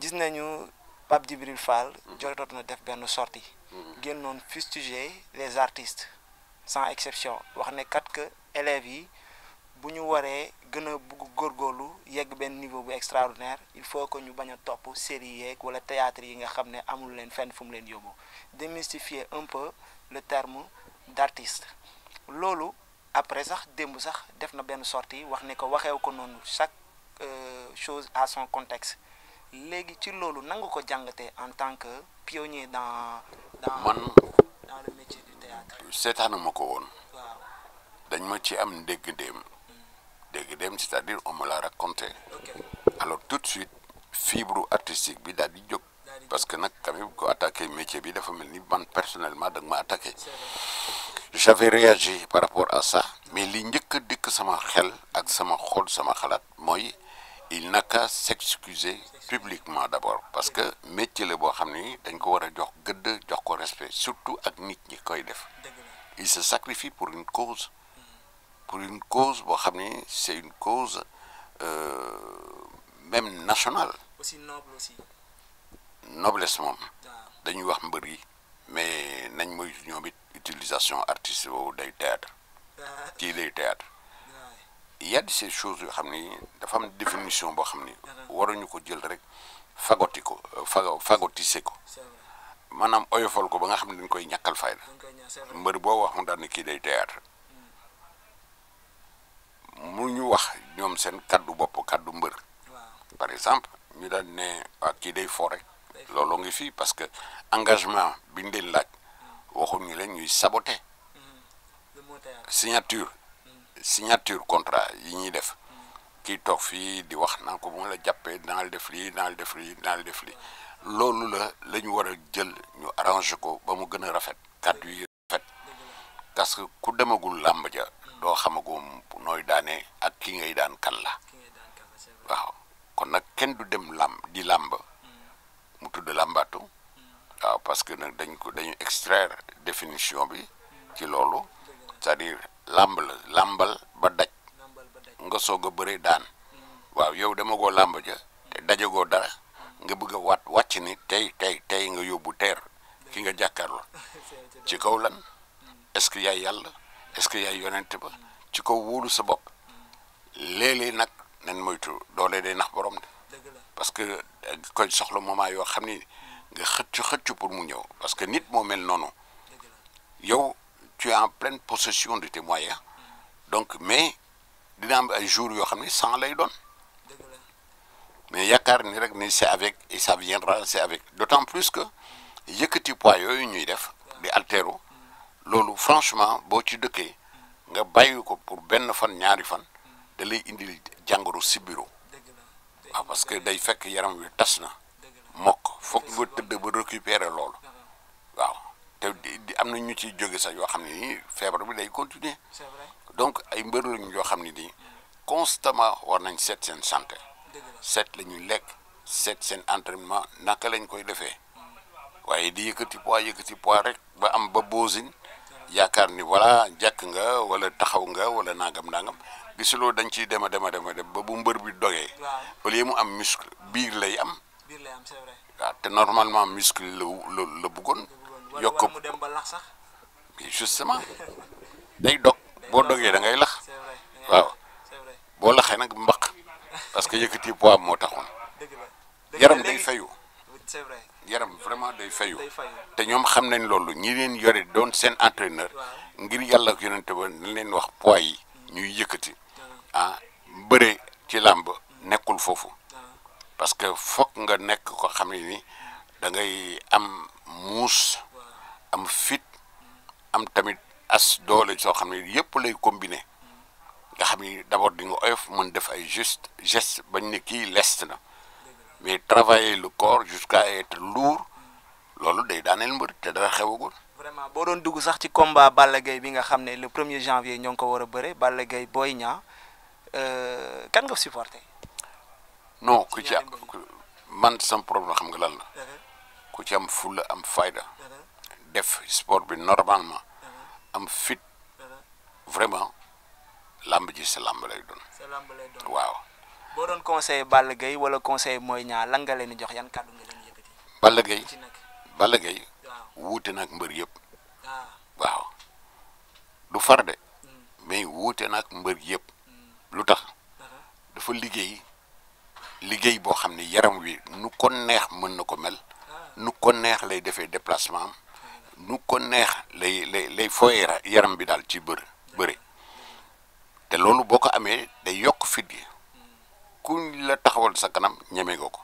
gis nañu Pape Djibril Fall mm-hmm. jotoot na def benn sorti sortie mm-hmm. génnoon fustiger les artistes sans exception wax ne kat que élèves yi bu ñu waree gën a bugg góorlu yegg benn niveau bu extraordinaire il faut que ñu bañ a topp série yeeg wala théâtre yi nga xam ne amul leen fenn fu mu leen yóbbu démystifier un peu le terme d'artiste loolu après sax démb sax def na benn sortie wax ne ko waxeew ko noonu Euh, chose à son contexte léegi ci loolu nangu ko jàngatee en tant que pionnier dans dans man dans le seetaanuma ko woon dañ ma ci am dégg-déem hmm. dégg-déem c'est-à-dire on me l'a raconté alors tout de suite fibre artistique bi daal di jóg parce que nag quand même ko attaqué métier bi dafa mel ni man personnellement da nga ma attaqué j'avais réagi par rapport à ça mais li njëkk a dikk sama xel ak sama xol sama xalaat mooy il n'a qu'à s'excuser publiquement d'abord parce que métier la boo xam ni dañ ko war a jox gëdd jox ko respect surtout ak nit ñi koy def il se sacrifie pour une cause pour une cause boo xam ni c'est une cause euh, même national aussi noble aussi noblesse moom dañuy wax mbër yi mais nañ moytu ñoom it utilisation artiste boobu day théâtre kii lay théâtre y a ces choses yoo xam ni dafa am définition boo xam ni waruñu ko jël rek fagoti ko euh, fago fagotise ko maanaam oyofal ko ba nga xam ne dañ koy ñàkkal fay la mbër boo wax mu daal ne kii day théâtre hmm. mu ñu wax ñoom seen kaddu bopp kaddu mbër par exemple ñu daal ne waa kii day fo rek loolu ngi fii parce que engagement bi ñu leen laaj hmm. waxuñu leen ñuy saboter hmm. signature signature contrat yi ñuy def kii toog fii di wax naan ko bu la jàppee dinaa def lii dinaa la def lii dinaa la def lii loolu la la ñu war a jël ñu arrangé ko ba mu gën a rafet kàddu yi rafet parce que ku demagul làmb ja doo xamagum nooy daanee ak ki ngay daan kan la waaw kon nag kenn du dem làmb di làmb mu tudd làmbaatu waaw parce que nag dañ ko dañu extraire definition bi ci loolu cest dire làmb la làmbal ba daj nga soog a bëri daan mm. waaw yow dama goo làmb ja te dara mm. nga bëgg a waat wàcc ni tey tey tey nga yóbbu teer ki nga jàkkaarloo ci kaw lan mm. est-ce que yaay yàlla est-ce que yaay yonent ba ci kaw wóolu sa bopp léeg nag nen moytu doole day nax borom de parce que eh, koy soxla moment yoo xam ni nga xëccu xëccu pour mu ñëw parce que nit moo mel noonu yow tu es en pleine possession de tes moyens donc mais dina am ay jours yoo xam ne sans lay doon mais yaakaar ni rek ni c'est avec et ça viendra c'est avec d'autant plus que yëkkati poids yooyu ñuy def di altéro loolu franchement boo ci dëkkee nga bàyyi ko pour benn fan ñaari fan da lay indil jàngoro sibiru waaw ah, parce que day fekk yaram wi tas na mokk foog nga tëdd ba récupérer loolu waaw te am na ñu ci jóge sax yoo xam ni nii feebar bi day continuer c'est vrai donc ay mbër lañ yoo xam ne nii constamment war nañ seet seen santé seet lañuy lekk seet seen entraînement naka lañ koy defee waaye di yëkkati poids yëkkati poids rek ba am ba boosin yaakaar ni voilà jàkk nga wala taxaw nga wala nangam nangam gisuloo dañ ciy dem a dem a dem ba bu mbër bi dogee. waaw mu am muscle biir lay am. biir lay am c'est vrai. waaw te normalement muscle la la la bëggoon. yokk ko mais justement day dog boo dogee da ngay lax waaw boo laxee nag mbaq parce que yëkkati poids moo taxoon yaram day fayu yaram vraiment day fayu te ñoom xam nañ loolu ñi leen yore doon seen entraîneur ngir yàlla ak yonente ba nañ leen wax poids yi ñuy yëkkati ah bëre ci làmb mm. nekkul foofu parce que foog nga nekk ko xam ne ni da ngay am muus am fit am tamit as doole soo xam ne yëpp lay combiné nga xam ni d'abord di nga oyof mën def ay juste geste bañ ne kii lest na mais travailler le corps jusqu'à être lourd loolu day daaneel mbër te dara xewagul vraiment boo doon dugg sax ci combat Balla Gaye bi nga xam ne le premier janvier ñoo ngi ko war a bëre Balla Gaye booy Niang euh, kan nga supporté non ku ci man sam xam nga lan la uh-huh. ku ci am fulla am fayda uh-huh. def sport bi normalement uh-huh. am fit uh-huh. vraiment làmb ji sa lamb lay doon. waaw. boo doon conseil Balla Gaye wala conseil mooy ñaar lan nga jox yan kàddu nga leen yëkkati. Balla Gaye wuute na ak mbër yëpp. waaw du far de mm. mais wuute na ak mbër yëpp mm. lu tax uh-huh. dafa liggéey liggéey boo xam ne yaram wi nu ko neex mën na ko mel ah. nu ko neex lay defee déplacement nu ko neex lay lay lay fooyee yaram bi daal ci bër bëri te loolu boo ko amee day yokk fit gi kuñ la taxawal sa kanam ñeme nga ko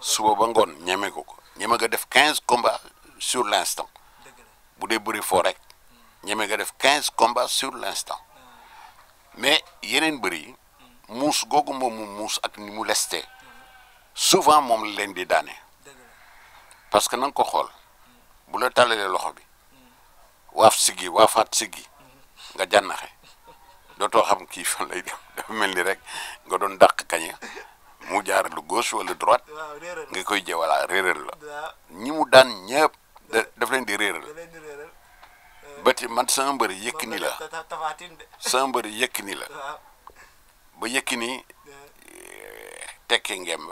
suba ba ngoon ñeme nga ko ñeme nga def quinze combats sur l' instant bu dee bëri foo rek ñeme nga def quinze combats sur l' instant mais yeneen bëri yi muus googu moom mu muus ak ni mu lestee souvent moom leen di daane parce que na nga ko xool. bu la tàllalee loxo bi waaf siggi waafaat siggi nga jànnaxe dootoo xam kii fan lay dem mel ni rek nga doon dàq kañe mu jaar lu gauche wala droite nga koy jë voilà réeral la ñi mu daan ñëpp daf leen di réeral euh, ba ci man sama mbër yëkk ni la sama mbër yëkk ni la ba yëkk ni euh. tekkee ngemb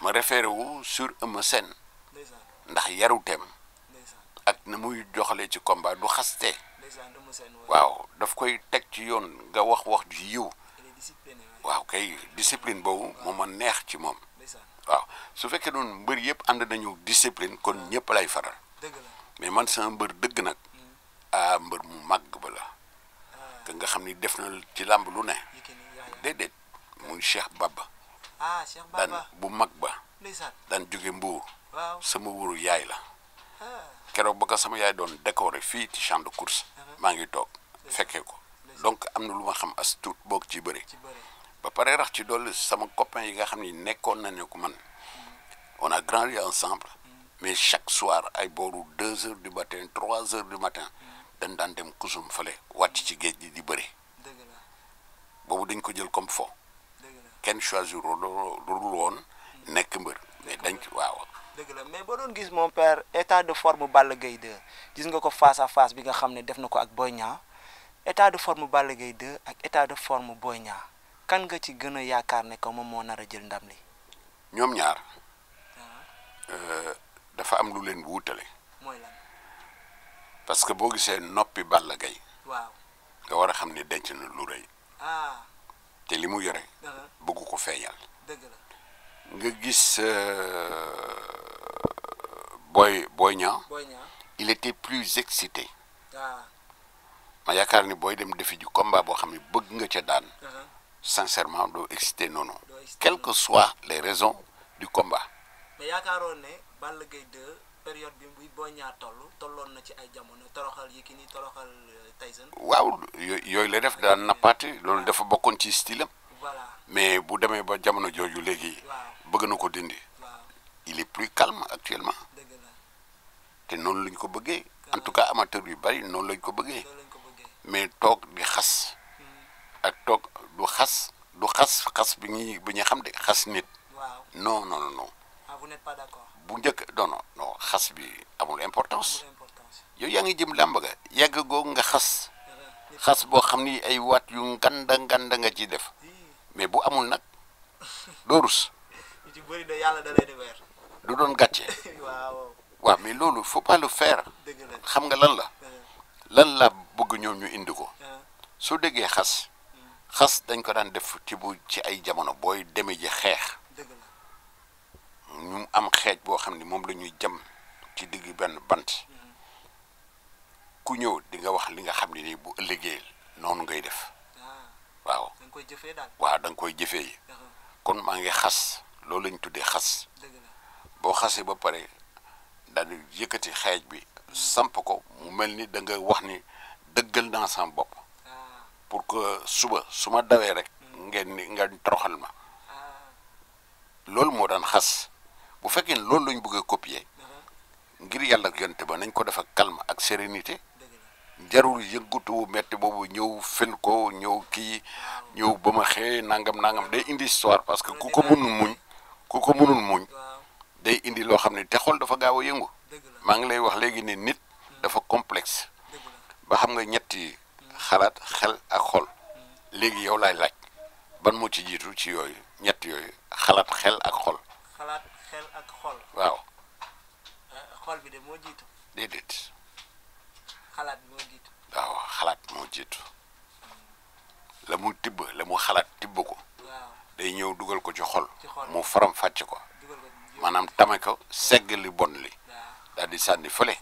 ma référé wu sur Eumeu Sène ndax yaruteem ak na muy joxalee ci combat du xaste waaw daf koy teg ci yoon nga wax wax ji yiw waaw kay discipline boobu moo ma neex ci moom waaw su fekkee noonu mbër yëpp ànd nañu discipline kon ñëpp lay faral mais man sama mbër dëgg nag mm. ah mbër mu màgg ba la que ah. nga xam ni def na ci làmb lu ne mu déedéet muy Cheikh Baba ah, daan bu mag ba daan jóge mbuur sama wóoru yaay la ah. keroog ba ko sama yaay doon décoré fii ci champ de course maa ngi toog fekkee ko donc am na lu ma xam as tuut boog ci bëri ba pare rax ci dolli sama copain yi nga xam ni nekkoon nañu ko man on a grandi ensemble mais chaque soir ay booru deux heures du matin trois heures du matin dañ daan dem kusum fale wàcc ci géej gi di bëri boobu dañ ko jël comme fo kenn choisir loolu woon nekk mbër mais dañ waaw. dëgg la mais boo doon gis moom père état de forme Balla Gaye 2 gis nga ko face à face bi nga xam ne def na ko ak Boy Niang état de forme Balla Gaye 2 ak état de forme Boy Niang kan nga ci gën a yaakaar ne ko moom moo nar a jël ndam li ñoom ñaar ah. euh, dafa am lu leen wuutale mooy lan parce que boo gisee noppi Balla Gaye waaw nga war a xam ne denc na lu rëy ah. te li mu yore uh-huh. bëgg ko feeñal dëgg nga gis euh, Boy booy Niang il était plus excité ah. ma yaakaar ni booy dem defi ju combat boo xam ne bëgg nga ca daan uh-huh. sincèrement du excité noonu quelles que les raisons du combat mais yaakaaroon ne Balla Gaye 2 période bi bu Boy Niang toll tolloon na ci ay jamono toroxal Yékini toroxal euh, Tyson waaw yooyu la def daan nappaate loolu ah. dafa bokkoon ci style am mais bu demee ba jamono jooju léegi bëgg na ko dindi il est plus calme actuellement te noonu lañ ko bëggee en tout cas amateur yu bari noonu lañ ko bëggee mais toog di xas hmm. ak toog du xas du xas xas bi ñuy bi ñu xam de xas nit no non non non ah, bu njëkk non non xas bi amul importance yow yaa ngi jëm làmb ga yàgg googu nga xas xas boo xam ni ay waat yu nganda nganda nga ciy def mais bu amul nag doo rus. ñu da lay du doon gàcce. waa waaw mais loolu faut pas le xam nga lan la. lan la bëgg ñoom ñu indi ko. su déggee xas. Hmm. xas dañ ko daan def ci bu ci ay jamono booy demee ji xeex. ñu am xeej boo xam ni moom la ñuy jëm ci digg benn bant. Hmm. ku ñëw di nga wax li nga xam ne nii bu ëllëgee noonu ngay def. waaw waaw da nga koy jëfee uh-huh. kon maa ngi xas loolu lañ tuddee xas boo xasee ba pare daal di yëkkati xeej bi samp ko mu mel ni da nga wax ni dëggal naa sama bopp ah. pour que suba su ma dawee rek mm. ngeen ni nga toroxal ma ah. loolu moo daan xas bu fekkee loolu lañ bëgg a copier uh-huh. ngir yàlla ak yonte ba nañ ko def ak calme ak sérénité jarul yëngatu metti boobu ñëw fen ko ñëw kii ñëw ba ma xëyee nangam nangam day indi histoire parce que ku ko mënul muñ ku ko mënul muñ day indi loo xam ne te xol dafa gaaw a yëngu maa ngi lay wax léegi ne nit dafa complexe ba xam nga ñetti xalaat xel ak xol léegi yow laay laaj ban moo ci jiitu ci yooyu ñett yooyu xalaat xel ak xol. xalaat xel ak xol. waaw. Eh, xol bi de moo jiitu. xalaat moo waaw xalaat moo jiitu la mu tibb la mu xalaat tibb ko. day ñëw dugal ko ci xol. mu faram fàcc ko. maanaam tame ko segg li bon li. daal di sànni fële.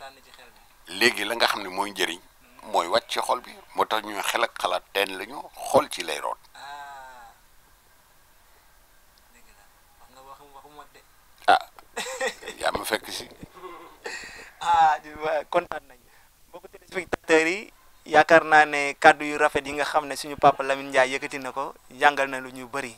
léegi la nga xam ne mooy njariñ hmm. mooy wàcc ci xol bi moo tax ñuy xel xalaat teen lañu ñu xol ci lay root. ah, ah. yaa ma fekk si. Ah, mbokku téléspectateurs yi yaakaar naa ne kàddu yu rafet yi nga xam ne suñu papa Lamine Ndiaye yëkkati na ko jàngal na lu ñu bëri